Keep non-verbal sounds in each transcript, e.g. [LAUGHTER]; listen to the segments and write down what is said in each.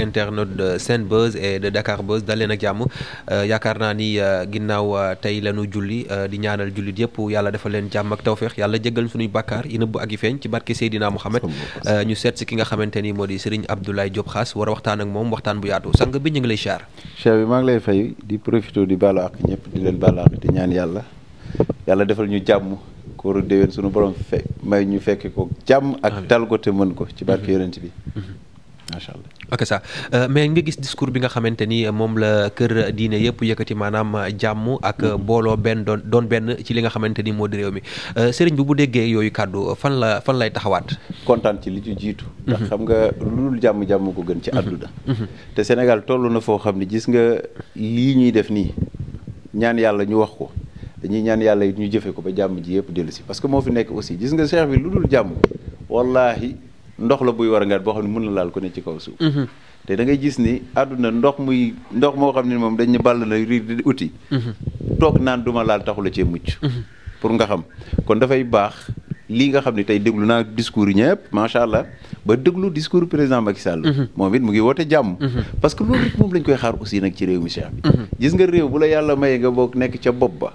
internautes de Senbuzz et de Dakar Buzz dal leen ak jàmm euh, yaakaar naa ni euh, ginnaaw euh, tey lañu julli di ñaanal jullit yëpp yàlla dafa leen jàmm ak tawféex yàlla jéggal suñuy bàkkaar yi nëbb ak yi feeñ ci barke Seydina Mohamed ñu seet si ki nga xamante ni moo di Serigne Abdoulaye Diop Khass war a waxtaan ak moom waxtaan bu yaatu sang bi ñu ngi lay xaar. cheikh bi maa ngi lay fay di profité di baalu ak ñëpp di leen baalu ak di ñaan yàlla yàlla defal ñu jàmm. kóoru déwén sunu borom fekk may ñu fekke ko jàmm ak dal ko te mën ko ci barke mm-hmm. yonent bi mm-hmm. macha ok ça euh, mais nga gis discours bi nga xamante ni moom la kër diine yëpp yëkkati maanaam jàmm ak mm-hmm. booloo benn doon doon benn ci li nga xamante ni moo di réew mi euh, sëriñ bi bu déggee yooyu kàddu fan la fan lay taxawaat. kontaan ci li ci jiitu. Mm-hmm. ndax xam nga lu dul jàmm jàmm ko gën ci mm-hmm. àdduna. te Sénégal toll na foo xam ne gis nga lii ñuy def nii ñaan yàlla ñu wax ko. dañuy ñaan yàlla it ñu jëfe ko ba jàmm ji yëpp dellu si parce que moo fi nekk aussi gis nga cheikh bi lu dul jàmm ndox la buy war a boo xam ne mun na laal ko ne ci kaw suuf mhm. te da ngay gis ni àdduna ndox muy ndox moo xam ne moom dañ ne bàll la riir di uti mhm. toog naan duma laal taxula cee mucc mhm. pour nga xam kon dafay baax lii nga xam ne tey déglu naa discours yi ñëpp macha allah ba déglu discours président Macky Sall moom it mu ngi woote jàmm parce que loolu moom lañ koy xaar aussi nag ci réew mi Cheikh bi gis nga réew bu la yàlla maye nga bokk nekk ca bopp ba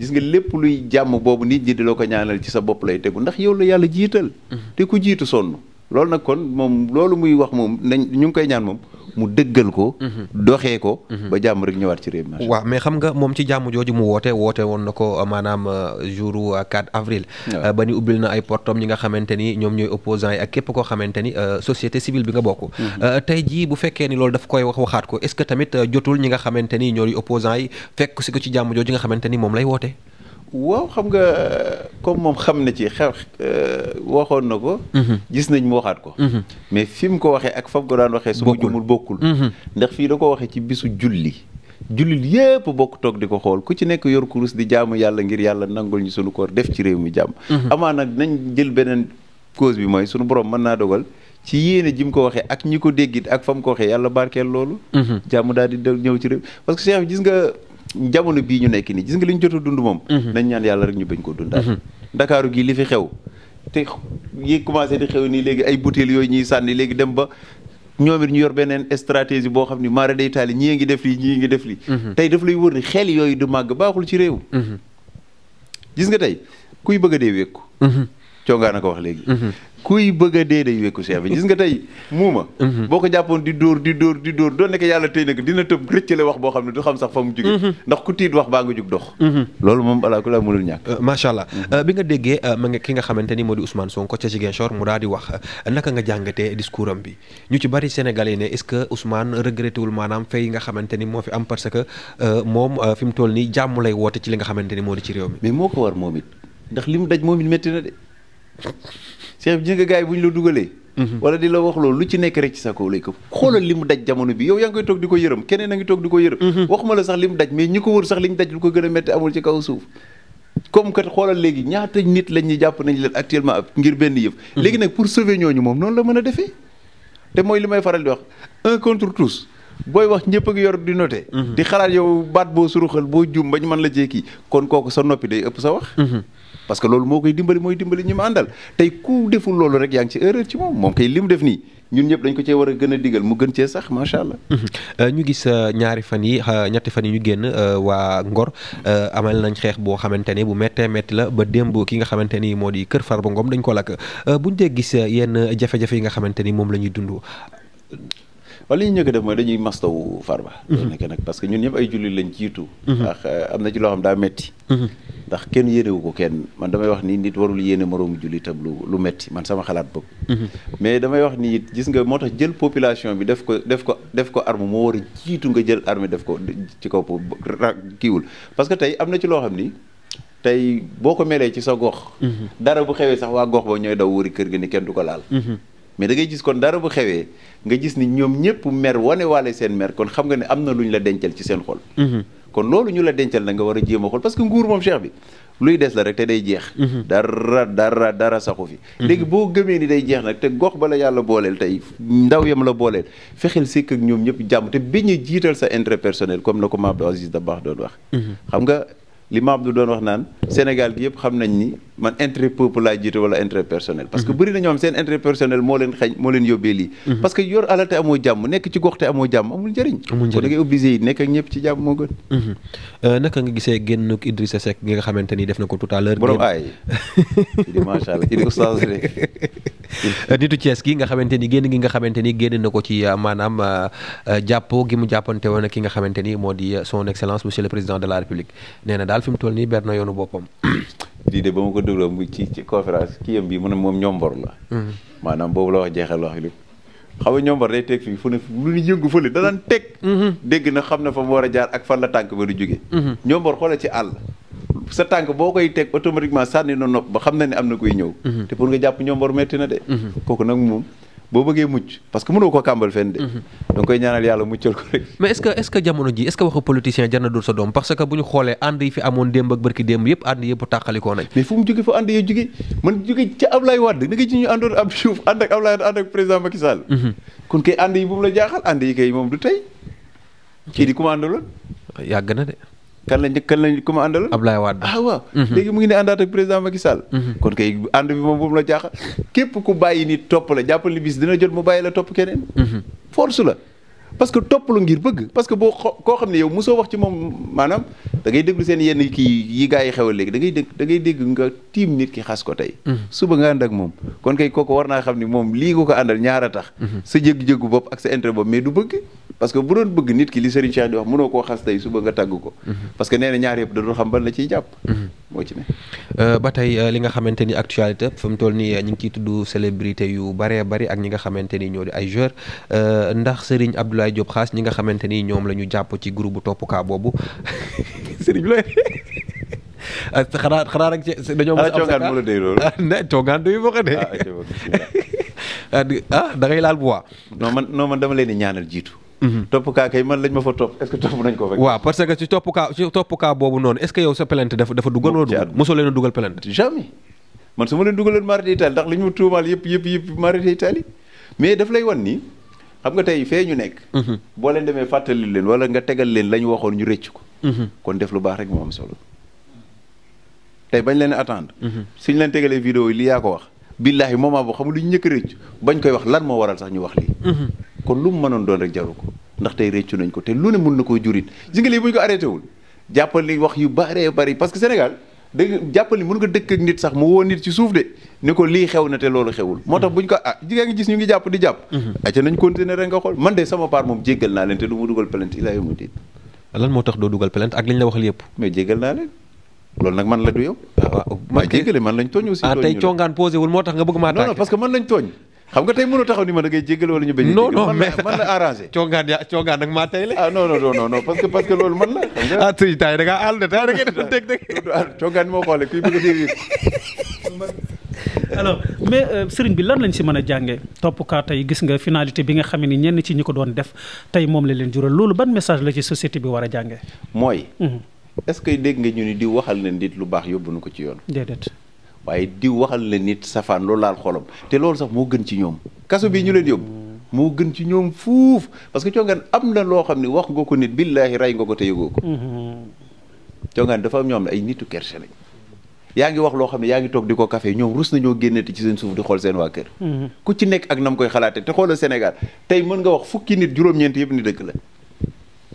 gis nga lépp luy jàmm boobu nit ñi ko ñaanal ci sa bopp lay tegu ndax yow la yàlla jiital te ku jiitu sonn loolu nag kon moom loolu muy wax moom nañ ñu ngi koy ñaan moom mu dëggal ko. Mhm. doxee ko. Mhm. ba jàmm rek ñëwaat ci réew mi. waaw mais xam nga moom ci jàmm jooju mu woote woote woon na ko euh, maanaam euh, jouru 4 euh, avril. ba ni ubbil na ay portom ñi nga xamante ni ñoom ñooy opposants yi ak képp koo xamante ni société civile bi nga bokk. Mhm. tey jii bu fekkee ni loolu daf koy wax waxaat ko est-ce que tamit jotul ñi nga xamante ni ñooy opposants yi fekk si ko ci jàmm jooju nga xamante ni moom lay woote. waaw xam nga comme moom xam na ci xew euh, waxoon na ko. Mhm. gis nañ mu waxaat ko. Mhm. mais fi mu ko waxee ak fam ko daan waxee. su ma jumul bokkul. Mhm. ndax fii da ko waxee ci bisu julli. jullit yépp bokk toog di ko xool ku ci nekk yor kurus di jaamu yàlla ngir yàlla nangul ñu sunu ko def ci réew mi jàmm. amaa nag nañ jël beneen cause bi mooy sunu borom mën naa dogal. ci yéene ji mu ko waxee ak ñi ko déggit ak fa mu ko waxee yàlla barkeel loolu. jàmm daal di ñëw ci réew parce que gis nga. jamono bii ñu nekk nii gis nga li jot a dund moom. Mhm. nañ ñaan yàlla rek ñu bañ koo dundaat. Mhm. ndakaaru gii li fi xew te yi commencé di xew nii léegi ay butéel yooyu ñuy sànni léegi dem ba. ñoom ñu yor beneen stratégie boo xam ni maara day taali ñii ngi def lii ñii ngi def lii. Mhm. tey daf lay wër ni xel yooyu di màgg baaxul ci réew. gis nga tey kuy bëgg a dee wékku. congaan a ko wax léegi mhm. kuy bëgg a dee day wekku seex a gis nga tey muuma mhm. boo ko jàppoon di dóor di dóor di dóor doon nekk yàlla tey nag dina tëb rëccale wax boo xam ne du xam sax fa mu mhm. ndax ku tiit wax baa nga jóg dox loolu moom alaa kulaa mënul ñàkk euh, macha euh, bi nga déggee euh, ki nga xamante ni moo di Ousmane Sonko ca Ziguinchor mu daal di wax naka nga jàngatee discours bi ñu ci bari Sénégalais yi ne est-ce que maanaam fay nga xamante moo fi am cheikh bi gis yi bu ñu la dugalee. Mhm. wala di la wax loolu lu ci nekk rek ci sa kaw lay këpp xoolal li mu daj jamono bi yow yaa ngi koy toog di ko yërëm keneen a ngi toog di ko yërëm. Mhm. waxuma la sax li mu daj mais ñi ko wër sax li daj lu ko gën a métti amul ci kaw suuf. comme kat xoolal léegi ñaata nit lañ ñu jàpp nañ leen actuellement ngir benn yëf. Mhm. léegi nag pour sauver ñooñu moom noonu la mën a defee. te mooy li may faral di wax un contre tous booy wax ñëpp a yor di noté. Mhm. di xalaat yow baat boo suruxal boo jum bañ man la jekki kon kooku sa noppi day ëpp sa wax. Mhm. parce que loolu moo koy dimbali mooy dimbali ñi mu àndal tey ku loolu rek yaa ngi ci erreur ci moom moom kay li mu nii ñun ñëpp dañ ko cee war a gën a digal mu gën cee sax macha allah. Mhm. Euh, ñu gis euh, ñaari fan yi euh, ñetti fan yi ñu génn waa Ngor amal nañ xeex boo xamante ne bu méttee métti la ba démb ki nga xamante ni moo di kër Farba Ngom dañ ko lakk buñ dee gis yenn jafe yi nga xamante ni moom la ñuy dund. wala li ñu njëkk def mooy dañuy mastawu Farba. Mhm. nekk nag parce que ñun ñëpp lañ mhm. euh, am na ci loo xam daa metti mhm. ndax kenn yéenewu ko kenn man damay wax ni nit warul yéene moroomu jullitam lu lu metti man sama xalaat mais damay wax ni gis nga moo tax jël population bi def ko def ko def ko arme moo war a jiitu nga jël arme def ko ci kaw kiiwul parce que tey am na ci loo xam ni. tey boo ko melee ci sa gox. dara bu xewee sax waa gox ba ñooy daw wëri kër gi ni kenn du ko laal. mais da ngay gis kon dara bu xewee nga gis ni ñoom ñëpp mer wane waale seen mer kon xam nga ne am na lu ñu la dencal ci seen xol. Mhm. kon loolu ñu la dencal na nga war a jéem a xol parce que nguur moom cheikh bi luy des la rek te day jeex. Mhm. dara dara dara saxu fi. Mhm. léegi boo gëmee ni day jeex nag te gox ba la yàlla booleel tey ndaw yam la booleel fexeel sikk ak ñoom ñëpp jàmm te bañ a jiital sa intérêt personnel comme na ko Maam Abdou Aziz Dabakh wax. xam nga li Maam Abdou doon wax Sénégal yëpp xam nañ ni. man intérêt peuple laa jiite wala intérêt personnel parce que mhm. bëri na ñoo xam seen intérêt personnel moo leen xañ moo leen yóbbee lii mhm. parce que yor alal te amoo jàmm nekk ci gox te amoo jàmm amul njëriñ nekk ak ci jàmm moo gën mhm. euh, naka nga gisee génnuk Idrissa Seck gi nga xamante ni def na ko tout à l'heure borom aay di macha allah [LAUGHS] nitu Thiès gi nga xamante ni génn gi nga xamante ni génn na ko ci euh, maanaam euh, jàppoo gi mu jàppante woon ak ki nga xamante ni moo di son excellence monsieur le président de la république nee na daal fi mu toll na yoonu boppam di de ba ma ko dégloo ci ci conférence kii yam bi mu a moom ñombor la mm-hmm. maanaam boobu la wax jeexal wax lépp xam nga ñombor day teg fii fu ne lu ñu yëngu fële da daan teg mm-hmm. dégg na xam na fa mu war a jaar ak fan la tànk ba du jóge mm-hmm. ñombor xoolal ci àll sa tànk boo koy teg automatiquement sànni na nopp ba xam na ne am na koy ñëw te pour nga jàpp ñombor metti na de kooku nag moom boo bëggee mucc parce que mënoo ko kàmbal fenn de. Mhm. da koy ñaanal yàlla muccal ko rek. mais est ce que est ce que jamono ji est ce que waxu politicien jar na dóor sa doom parce que bu ñu xoolee ànd yi fi amoon démb ak barki démb yëpp ànd yëpp tàqalikoo nañ. mais fu mu jóge fa ànd yee jóge man jóge ca Ablaye Wade da nga ci ñu àndoon ab Diouf ànd ak Ablaye ànd ak président Macky mhm. kon kay ànd yi bu mu la jaaxal ànd yi kay moom du tey. kii di commande loon. yàgg na de. kan lañ kan lañ ku ma àndaloon. Ablaye Wade ah waaw. Mhm. léegi mu ngi ne àndaat ak président Macky Sall. Mhm. kon kay ànd bi moom bu mu la jaaxal. képp ku bàyyi nit topp la jàppal li bis dina jot mu bàyyi la topp keneen. Mhm. force la. parce que topp la ngir bëgg parce que boo koo xam ne yow mosoo wax ci moom maanaam da ngay déglu seen yenn kii yi gars yi xewal léegi da ngay dégg da ngay dégg nga tiim nit ki xas ko tey mm-hmm. suba nga ànd ak moom kon kay kooku war naa xam ni moom lii nga ko àndal ñaar a tax mm-hmm. sa jëggu-jëggu bopp ak sa intérêt bopp mais du bëgg parce que bu doon bëgg nit ki li Serigne Cheikh di wax mënoo koo xas tey suba nga tàgg ko mm-hmm. parce que nee na ñaar yëpp da doon xam ban la ciy jàpp moo euh, ba tey euh, li nga xamante ni actualité fi mu nii ñu ngi ciy tudd célébrité yu baree bari ak ñi nga xamante ni ñoo di ay joueurs euh, ndax Serigne Abdoulaye Diop ñi nga xamante ni ñoom la ñu jàpp ci groupe bu toppukaa boobu [LAUGHS] Serigne looy. [LAUGHS] Ah, xanaa xanaa rek ci dañoo. mos a am sa kaa ah coogaan du ma ko de. ah, [LAUGHS] ah, ah da laal bu waa. non man non man dama leen di ñaanal jiitu. Mhm. topp kaa kay man lañ ma fa topp est topp nañ ko fekk. waaw parce que ci topp kaa ci topp kaa boobu noonu est yow sa plainte dafa dafa dugal wala dugal mosoo leen a dugal plainte. jamais man su ma leen ñu ma tuumaal mhm. boo leen demee fàttali leen wala nga tegal leen la ñu waxoon ñu rëcc ko. Mhm. kon def lu baax rek moo am solo. tey bañ leen attendre. suñ leen tegalee vidéo yi li yaa ko wax. billaahi moment boo xam ñu njëkk rëcc bañ koy wax lan moo waral sax ñu wax lii. kon lu mu mënoon doon rek jaru ko ndax tey réccu nañ ko te lu ne mun na koo jurit si nga lii bu ñu ko arrêté wul jàppali wax yu bëree bëri parce que Sénégal danga jàppali mun nga dëkk ak nit sax mu woo nit ci suuf de ne ko lii xew na te loolu xewul moo tax buñ ko ah jigéen jàpp di jàpp mhm. aca nañ continuer rek nga xool man moo tax doo dugal plainte ak li la waxal yëpp mais jéggal naa leen loolu nag man la du yow ah, tooñ aussi ah, moo tax nga bëgg maa non parce que man lañ tooñ xam nga tey mënu taxaw ni ma da ngay jégal ñu bañ non non mais man la arrangé coogaan yaa coogaan nag maa tey le ah non non moo xoolee kuy a [LAUGHS] mais euh, sëriñ bi lan lañ si mën a jàngee toppkaa tey gis nga finalité bi nga xam ne ñenn ci ñi ko doon def tey moom la leen jural loolu ban message la ci société bi war a jàngee mooy mhm. est-ce que dégg nga ñu ni di waxal na nit lu baax yóbbu nu ko ci yoon waaye diw waxal la nit safaan loolu laal xolam te loolu sax moo gën ci ñoom kaso bii ñu leen yóbbu moo gën ci ñoom fuuf parce que congaan am na loo xam ne wax nga ko nit billaahi rey nga ko te yëgoo ko congaan dafa ñoom ñoo xam ne ay nitu kerse yaa ngi wax loo xam ne yaa ngi toog di ko kafe ñoom rus nañoo génnati ci seen suuf di xool seen waa kër mm-hmm. ku ci nekk ak nam koy xalaate te xoolal Sénégal tey mën nga wax fukki nit juróom-ñeent yëpp ni dëgg la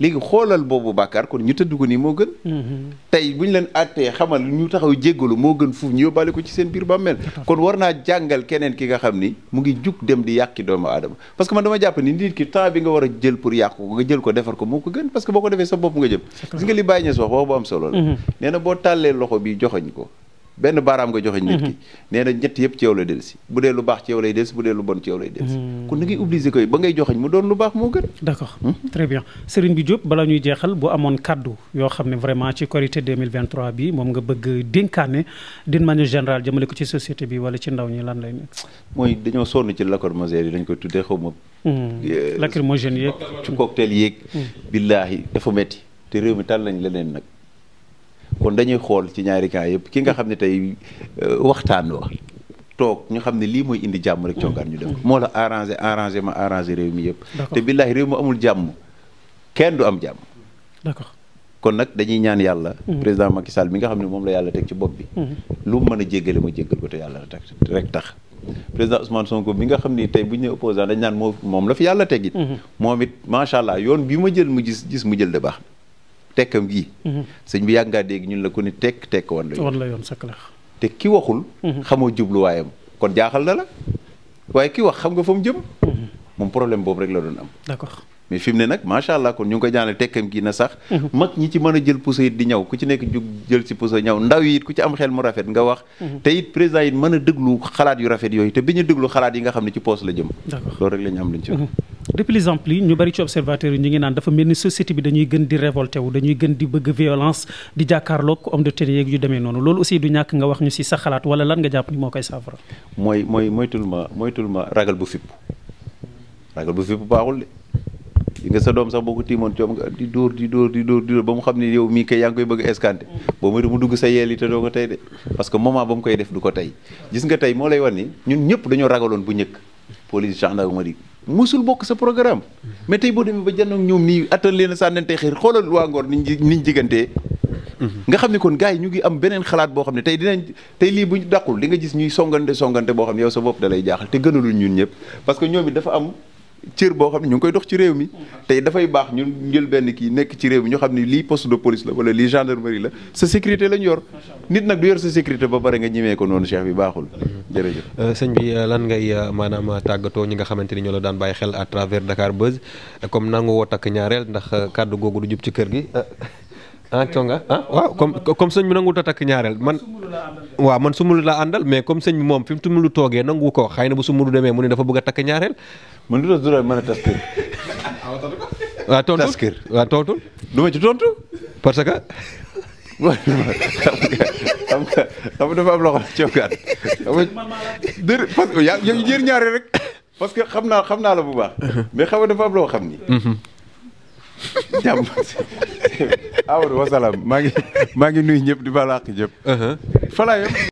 léegi xoolal boobu bàkkaar kon ñu tëdd ko nii moo gën mhm. tey bu ñu leen àttee xamal ñu taxaw jéggalu moo gën fuuf ñu yóbbaale ko ci seen biir bàmmeel kon war naa jàngal keneen ki nga xam ni mu ngi jug dem di yàqi doomu aadama parce que man dama jàpp ni nit ki temps bi nga war a jël pour yàq ko nga jël ko defar ko moo ko gën parce que boo ko defee sa bopp nga jëm gis nga li Baye wax wax bu am solo la mhm. nee boo tàllee loxo bi joxoñ ko benn baaraam nga joxe nit ki mhm. nee na ñett yëpp ci yow lay delsi bu dee lu baax ci yow lay delsi bu dee lu bon ci yow lay delsi mhm. kon da ngay obligé koy ba ngay joxeñ mu doon lu baax moo gën d'accord mhm. très bien Serigne bi Diop bala ñuy jeexal bu amoon kaddu yoo xam ne vraiment ci Korité 2023 bi moom nga bëgg dénkaane d'une manière générale jëmale ko ci société bi wala ci ndaw ñi lan lay nekk mooy dañoo sonn ci lacrymogène yi dañ koy tuddee xaw kon dañuy xool ci ñaari cas yëpp ki nga xam ne tey euh, waxtaan wa toog ñu xam ni lii mooy indi jàmm rek congaan ñu def moo la arrangé arrangé ma arrangé réew mi yëpp te billaahi réew mu amul jàmm kenn du am jàmm d'accord kon nag dañuy ñaan yàlla mm-hmm. président Macky Sall mi nga xam ne moom la yàlla teg ci bopp bi mm-hmm. lu mën a jéggale ma jéggal ko te yàlla rek tax président Ousmane Sonko bi nga xam ni tey bu ñu nee opposant dañ naan moom moom la fi yàlla tegit mm-hmm. it macha yoon bi ma jël mu gis gis jël de baax tekkam gi mhm. sëñ bi yàgg ngaa dégg ñun la ko ni tekk tekk wan la yoon wan la yoon sakk la te ki waxul mhm. xamoo jubluwaayam kon jaaxal na la waaye ki wax xam nga fa mu jëm mhm. moom problème boobu rek la doon am mais fi mu ne nag macha allah kon ñu ngi koy jaanal tekkam gi na sax mhm. mag ñi ci mën a jël puso it di ñaw ku ci nekk jug jël si puso ñaw ndaw yi ku ci am xel mu rafet nga wax mhm. te it président it mën a déglu xalaat yu rafet yooyu te bi ñu déglu xalaat yi nga xam ne ci poos la jëm loolu rek la mhm. ngi naan dafa mel ni société bi dañuy gën di révolté wu dañuy gën di bëgg violence di jàkkaarloog homme de tenue yeeg yu demee noonu loolu aussi du ñàkk nga wax ñu si sa xalaat wala lan mooy mooy moytul ma moytul ma ragal bu fipp ragal li nga sa doom sax boo ko tiimoon coom nga di dóor di dóor di dóor di dóor ba mu xam ne yow mii kay yaa ngi koy bëgg a escanté mm. boo moytu mu dugg sa yeel te doo ko tey de parce que moment ba mu koy def du ko tey gis nga tey moo lay wan ragaloon bu njëkk police gendarmerie musul bokk sa programme mm-hmm. mais tey boo demee ba jannoog ñoom nii attan leen a sànnante xeer xoolal waa Ngor niñ niñ jigantee mm-hmm. nga xam ne kon gaa yi ñu ngi am beneen xalaat boo xam ne tey dinañ tey lii buñ daqul li nga gis ñuy songante songante boo xam ne yow sa bopp da lay jaaxal te gënalul ñun ñëpp parce que ñoom it dafa am cër boo xam ne ñu ngi koy dox ci réew mi tey dafay baax ñu jël benn kii nekk ci réew mi ñu xam ni lii poste de police la wala lii gendarmerie la sa sécurité lañ yor nit nag du yor sa sécurité ba bari nga ñimee ko noonu cheikh bi baaxul jërëjëf euh, sëñ bi euh, lan ngay euh, maanaam tàggatoo ñi nga xamante ni ñoo la daan bàyyi xel à travers Dakar Buzz comme nangu woo takk ñaareel ndax kàdd googu du jub ci kër gi ah conga ah waaw comme comme sëñ bi nangu ta takk ñaareel man waa man sumulu laa àndal mais comme sëñ bi fi mu tumulu toogee nangu ko xëy na bu sumulu demee mu ne dafa bëgg a ñaareel man ah, ah, lu tontu taskir waaw tontu. du ma tontu. parce que. xam nga xam nga dafa am que yaa xam naa xam naa la bu baax. mais xam nga dafa am loo mm-hmm. maa ngi maa ngi di baal àq ñëpp. Uh-huh. fa laa